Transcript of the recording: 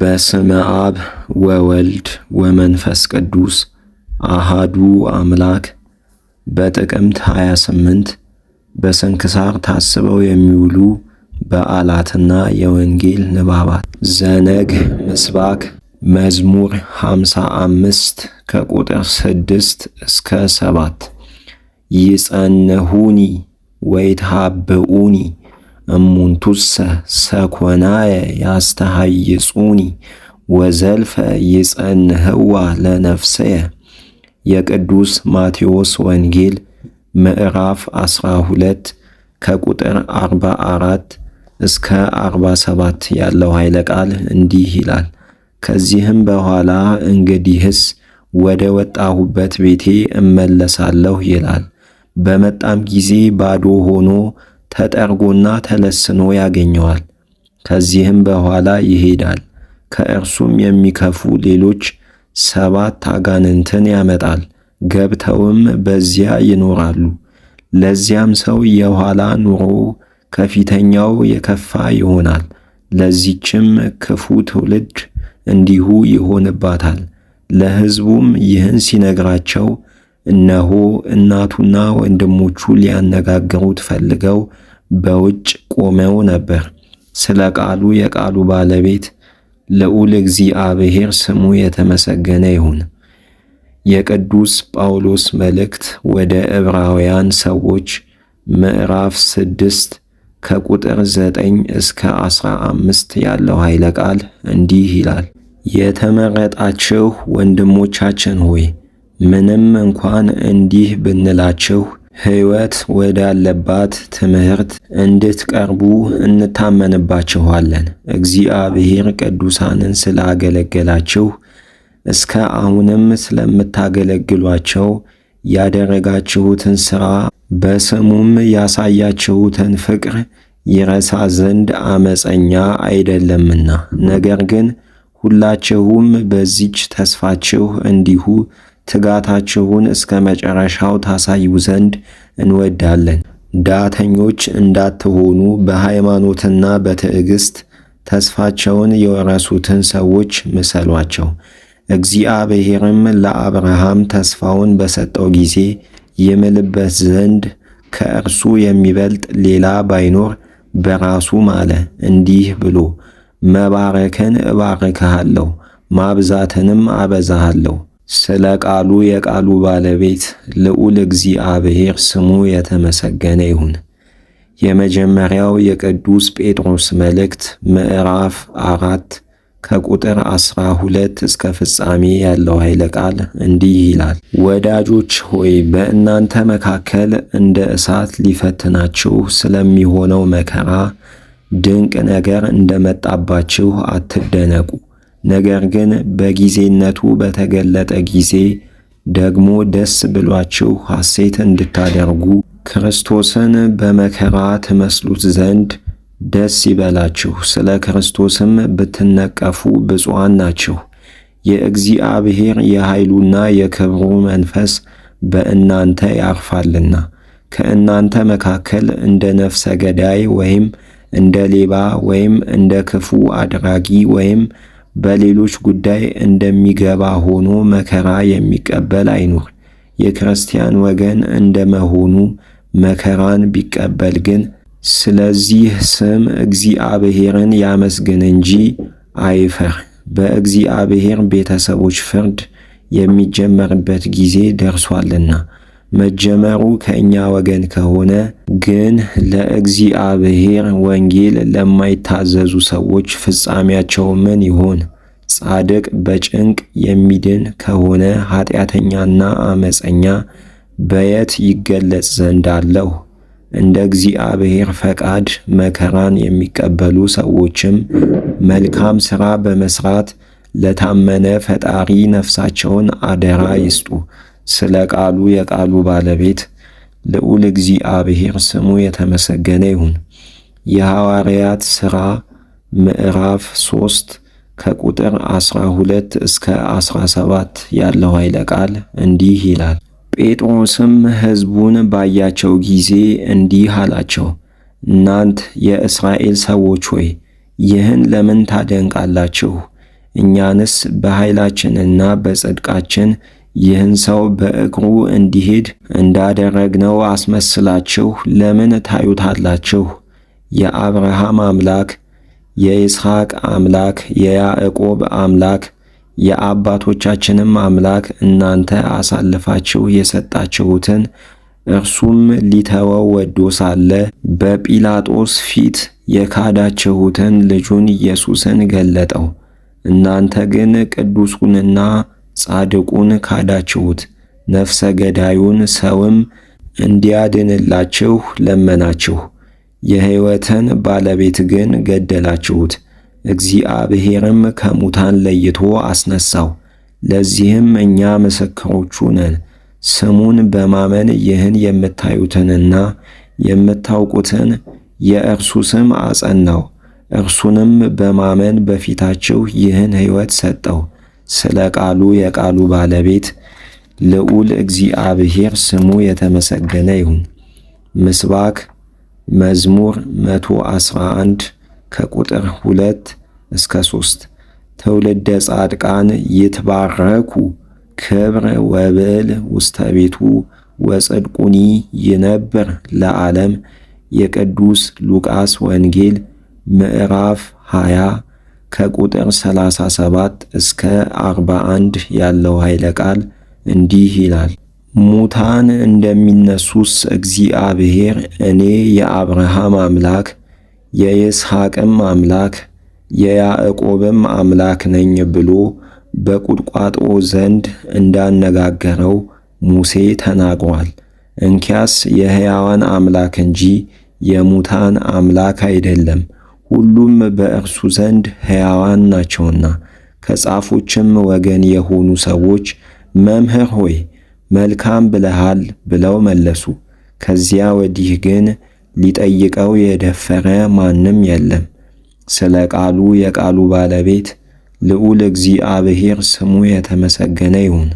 በስመ አብ ወወልድ ወመንፈስ ቅዱስ አሃዱ አምላክ። በጥቅምት 28 በስንክሳር ታስበው የሚውሉ በዓላትና የወንጌል ንባባት ዘነግ ምስባክ መዝሙር 55 ከቁጥር 6 እስከ 7 ይጸንሁኒ ወይትሃብኡኒ እሙንቱሰ ሰኮናየ ያስተሃይጹኒ ወዘልፈ ይጸንህዋ ለነፍሰየ። የቅዱስ ማቴዎስ ወንጌል ምዕራፍ 12 ከቁጥር 44 እስከ 47 ያለው ኃይለ ቃል እንዲህ ይላል። ከዚህም በኋላ እንግዲህስ ወደ ወጣሁበት ቤቴ እመለሳለሁ ይላል። በመጣም ጊዜ ባዶ ሆኖ ተጠርጎና ተለስኖ ያገኘዋል። ከዚህም በኋላ ይሄዳል። ከእርሱም የሚከፉ ሌሎች ሰባት አጋንንትን ያመጣል። ገብተውም በዚያ ይኖራሉ። ለዚያም ሰው የኋላ ኑሮ ከፊተኛው የከፋ ይሆናል። ለዚችም ክፉ ትውልድ እንዲሁ ይሆንባታል። ለሕዝቡም ይህን ሲነግራቸው እነሆ እናቱና ወንድሞቹ ሊያነጋግሩት ፈልገው በውጭ ቆመው ነበር። ስለ ቃሉ የቃሉ ባለቤት ልዑል እግዚአብሔር ስሙ የተመሰገነ ይሁን። የቅዱስ ጳውሎስ መልእክት ወደ ዕብራውያን ሰዎች ምዕራፍ ስድስት ከቁጥር ዘጠኝ እስከ አስራ አምስት ያለው ኃይለ ቃል እንዲህ ይላል። የተመረጣችሁ ወንድሞቻችን ሆይ ምንም እንኳን እንዲህ ብንላችሁ ሕይወት ወዳለባት ትምህርት እንድትቀርቡ እንታመንባችኋለን። እግዚአብሔር ቅዱሳንን ስላገለገላችሁ እስከ አሁንም ስለምታገለግሏቸው ያደረጋችሁትን ሥራ በስሙም ያሳያችሁትን ፍቅር ይረሳ ዘንድ አመፀኛ አይደለምና። ነገር ግን ሁላችሁም በዚች ተስፋችሁ እንዲሁ ትጋታችሁን እስከ መጨረሻው ታሳዩ ዘንድ እንወዳለን። ዳተኞች እንዳትሆኑ በሃይማኖትና በትዕግስት ተስፋቸውን የወረሱትን ሰዎች ምሰሏቸው። እግዚአብሔርም ለአብርሃም ተስፋውን በሰጠው ጊዜ ይምልበት ዘንድ ከእርሱ የሚበልጥ ሌላ ባይኖር በራሱ ማለ፣ እንዲህ ብሎ መባረክን እባርክሃለሁ፣ ማብዛትንም አበዛሃለሁ ስለ ቃሉ የቃሉ ባለቤት ልዑል እግዚአብሔር ስሙ የተመሰገነ ይሁን። የመጀመሪያው የቅዱስ ጴጥሮስ መልእክት ምዕራፍ አራት ከቁጥር ዐሥራ ሁለት እስከ ፍጻሜ ያለው ኃይለ ቃል እንዲህ ይላል። ወዳጆች ሆይ በእናንተ መካከል እንደ እሳት ሊፈትናችሁ ስለሚሆነው መከራ ድንቅ ነገር እንደመጣባችሁ አትደነቁ ነገር ግን በጊዜነቱ በተገለጠ ጊዜ ደግሞ ደስ ብሏችሁ ሐሴት እንድታደርጉ ክርስቶስን በመከራ ትመስሉት ዘንድ ደስ ይበላችሁ። ስለ ክርስቶስም ብትነቀፉ ብፁዓን ናችሁ። የእግዚአብሔር የኃይሉና የክብሩ መንፈስ በእናንተ ያርፋልና። ከእናንተ መካከል እንደ ነፍሰ ገዳይ ወይም እንደ ሌባ ወይም እንደ ክፉ አድራጊ ወይም በሌሎች ጉዳይ እንደሚገባ ሆኖ መከራ የሚቀበል አይኑር። የክርስቲያን ወገን እንደመሆኑ መከራን ቢቀበል ግን ስለዚህ ስም እግዚአብሔርን ያመስግን እንጂ አይፈር። በእግዚአብሔር ቤተሰቦች ፍርድ የሚጀመርበት ጊዜ ደርሷልና። መጀመሩ ከእኛ ወገን ከሆነ ግን ለእግዚአብሔር ወንጌል ለማይታዘዙ ሰዎች ፍጻሜያቸው ምን ይሆን? ጻድቅ በጭንቅ የሚድን ከሆነ ኀጢአተኛና አመፀኛ በየት ይገለጽ ዘንድ አለው? እንደ እግዚአብሔር ፈቃድ መከራን የሚቀበሉ ሰዎችም መልካም ሥራ በመሥራት ለታመነ ፈጣሪ ነፍሳቸውን አደራ ይስጡ። ስለ ቃሉ የቃሉ ባለቤት ልዑል እግዚአብሔር ስሙ የተመሰገነ ይሁን። የሐዋርያት ሥራ ምዕራፍ 3 ከቁጥር 12 እስከ 17 ያለው ኃይለ ቃል እንዲህ ይላል። ጴጥሮስም ሕዝቡን ባያቸው ጊዜ እንዲህ አላቸው፣ እናንት የእስራኤል ሰዎች ሆይ ይህን ለምን ታደንቃላችሁ? እኛንስ በኃይላችንና በጽድቃችን ይህን ሰው በእግሩ እንዲሄድ እንዳደረግነው አስመስላችሁ ለምን ታዩታላችሁ? የአብርሃም አምላክ የይስሐቅ አምላክ የያዕቆብ አምላክ የአባቶቻችንም አምላክ እናንተ አሳልፋችሁ የሰጣችሁትን እርሱም ሊተወው ወዶ ሳለ በጲላጦስ ፊት የካዳችሁትን ልጁን ኢየሱስን ገለጠው። እናንተ ግን ቅዱሱንና ጻድቁን ካዳችሁት፣ ነፍሰ ገዳዩን ሰውም እንዲያድንላችሁ ለመናችሁ፣ የሕይወትን ባለቤት ግን ገደላችሁት። እግዚአብሔርም ከሙታን ለይቶ አስነሳው ለዚህም እኛ ምስክሮቹ ነን። ስሙን በማመን ይህን የምታዩትንና የምታውቁትን የእርሱ ስም አጸናው። እርሱንም በማመን በፊታችሁ ይህን ሕይወት ሰጠው። ስለ ቃሉ የቃሉ ባለቤት ልዑል እግዚአብሔር ስሙ የተመሰገነ ይሁን። ምስባክ መዝሙር 111 ከቁጥር 2 እስከ 3 ትውልደ ጻድቃን ይትባረኩ ክብር ወብል ውስተ ቤቱ ወጽድቁኒ ይነብር ለዓለም። የቅዱስ ሉቃስ ወንጌል ምዕራፍ 20 ከቁጥር 37 እስከ 41 ያለው ኃይለ ቃል እንዲህ ይላል። ሙታን እንደሚነሱስ እግዚአብሔር እኔ የአብርሃም አምላክ የይስሐቅም አምላክ የያዕቆብም አምላክ ነኝ ብሎ በቁጥቋጦ ዘንድ እንዳነጋገረው ሙሴ ተናግሯል። እንኪያስ የሕያዋን አምላክ እንጂ የሙታን አምላክ አይደለም። ሁሉም በእርሱ ዘንድ ሕያዋን ናቸውና። ከጻፎችም ወገን የሆኑ ሰዎች መምህር ሆይ መልካም ብለሃል ብለው መለሱ። ከዚያ ወዲህ ግን ሊጠይቀው የደፈረ ማንም የለም። ስለ ቃሉ የቃሉ ባለቤት ልዑል እግዚአብሔር ስሙ የተመሰገነ ይሁን።